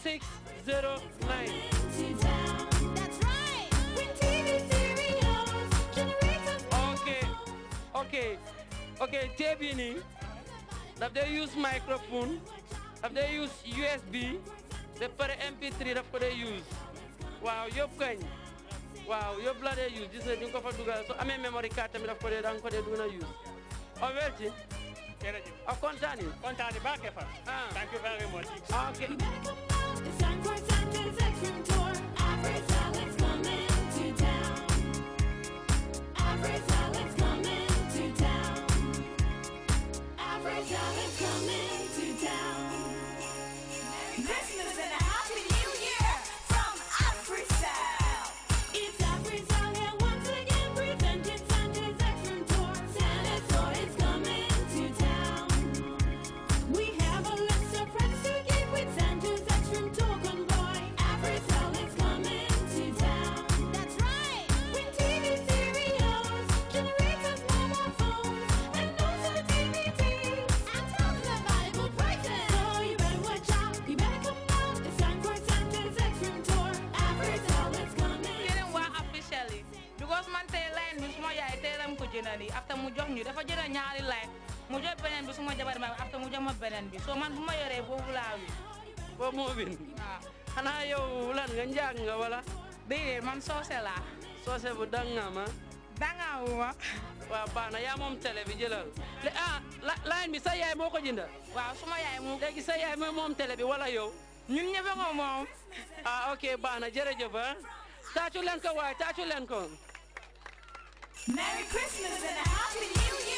609. okay okay tv ni daf day use microphone Have they use usb ba pare mp3 daf ko day use you yëpp kañ Wow, you la bloody use gis nga di nga ko fa dugal so amee memory card I daf ko dee da nga ko dee duna use o welti jërëjëf o ah, kontaan yi kontaan yi baake ah. thank you very much ah, okay lay afta mu jox ñu dafa jël ñaari lay mu jox beneen bi suma jabar ma afta mu jox ma beneen bi soo man bu ma yoree boobu laa win boobu moo yow lan nga njaag nga wala déedéet man soose laa soose bu danga ah? ma danga wuma waaw baax na yaa moom télé bi jëlal le ah line bi sa yaay moo ko jënda waaw suma yaay mu léegi sa yaay mooy moom télé bi wala yow ñun ñëpp a moom ah ok baax na jërëjëf ah taacu leen ko waa taacu leen ko Merry Christmas and a Happy New Year!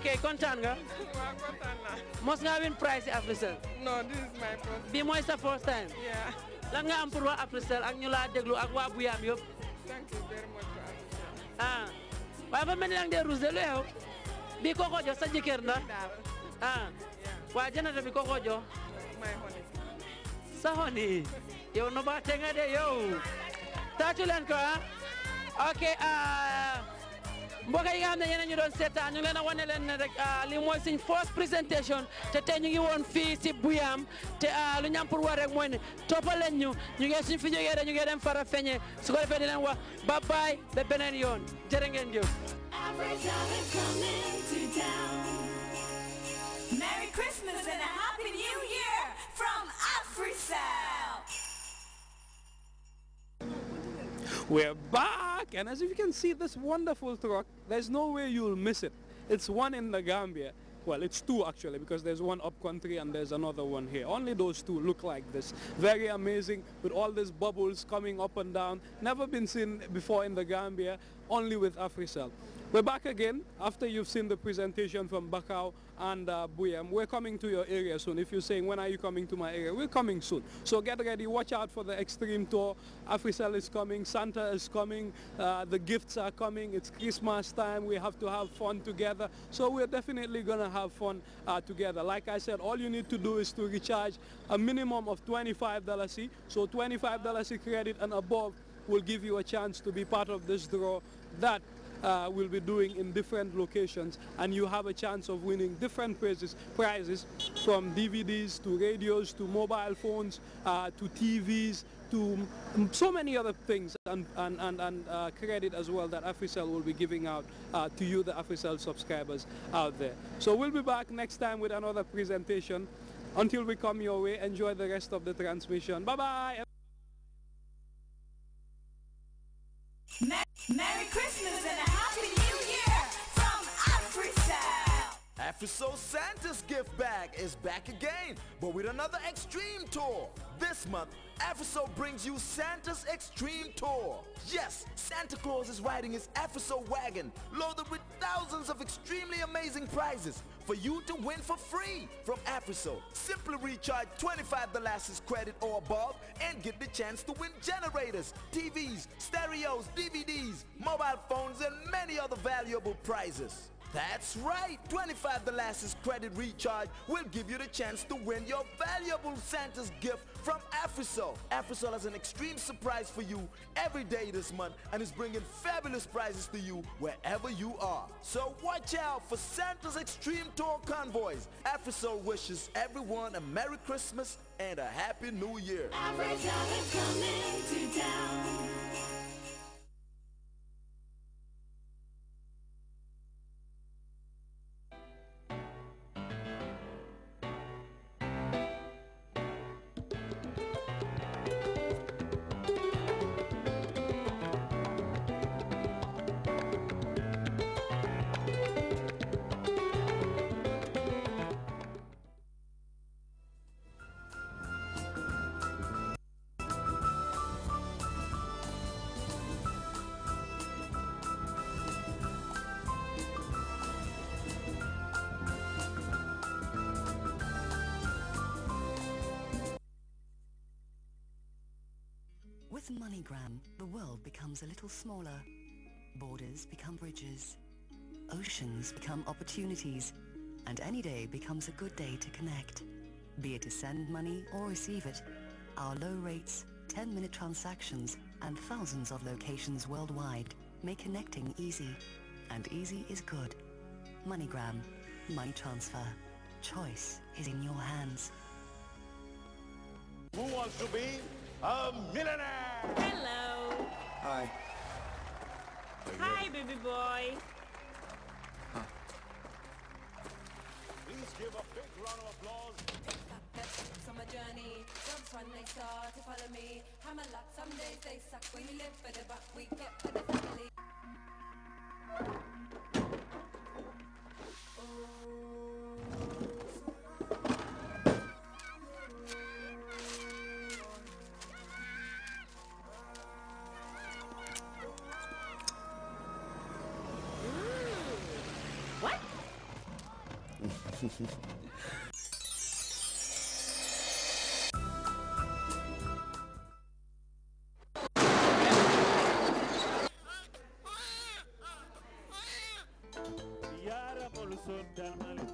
ok kontaan nga. waaw kontaan naa. mos ngaa win prize si Africell. non this is my first. bii mooy sa first time. yeah. lan nga waa Africell ah. bi koo ah. sa honey yow no ba te nga taacu leen ko ah ok. Ah. yi nga xam ne ñu doon seetaan ñu leen a wane leen ne rek ah, li mooy suñ présentation te tey ñu ngi woon fii si te ah, lu ñu am pour rek mooy ne toppal leen ñu ñu ngi suñ fi ñu ngi dem su ko defee di leen wax ba beneen yoon jërë ngeen jëf. Merry Christmas and a Happy New Year from We're back truck and as you can see this wonderful truck there's no way you'll miss it it's one in the Gambia well it's two actually because there's one up country and there's another one here only those two look like this very amazing with all these bubbles coming up and down never been seen before in the Gambia only with AfriCell. We're back again after you've seen the presentation from Bakau and uh, We're coming to your area soon. If you're saying, when are you coming to my area? We're coming soon. So get ready. Watch out for the Extreme Tour. AfriCell is coming. Santa is coming. Uh, the gifts are coming. It's Christmas time. We have to have fun together. So we're definitely going to have fun uh, together. Like I said, all you need to do is to recharge a minimum of $25 C. So $25 C credit and above will give you a chance to be part of this draw that uh, we'll be doing in different locations and you have a chance of winning different prizes, prizes from DVDs to radios to mobile phones uh, to TVs to so many other things and, and, and, and uh, credit as well that AfriCell will be giving out uh, to you, the AfriCell subscribers out there. So we'll be back next time with another presentation. Until we come your way, enjoy the rest of the transmission. Bye-bye! Episode Santa's gift bag is back again, but with another extreme tour. This month, Episode brings you Santa's Extreme Tour. Yes, Santa Claus is riding his Episode wagon, loaded with thousands of extremely amazing prizes for you to win for free from Episode. Simply recharge 25 Dollars credit or above and get the chance to win generators, TVs, stereos, DVDs, mobile phones, and many other valuable prizes. That's right! 25 The credit recharge will give you the chance to win your valuable Santa's gift from Afrisol. Afrisol has an extreme surprise for you every day this month and is bringing fabulous prizes to you wherever you are. So watch out for Santa's Extreme Tour Convoys. Afrisol wishes everyone a Merry Christmas and a Happy New Year. Afrisol is coming to town. With MoneyGram, the world becomes a little smaller. Borders become bridges. Oceans become opportunities. And any day becomes a good day to connect. Be it to send money or receive it. Our low rates, 10-minute transactions, and thousands of locations worldwide make connecting easy. And easy is good. MoneyGram. Money transfer. Choice is in your hands. Who wants to be a millionaire? Hello. Hi. Hi, baby boy. Huh. Please give a big round of applause. Pick my journey. Jumps when they start to follow me. a lot, some days they suck. We live for the buck, we get for the family. Yara Bolson d a l m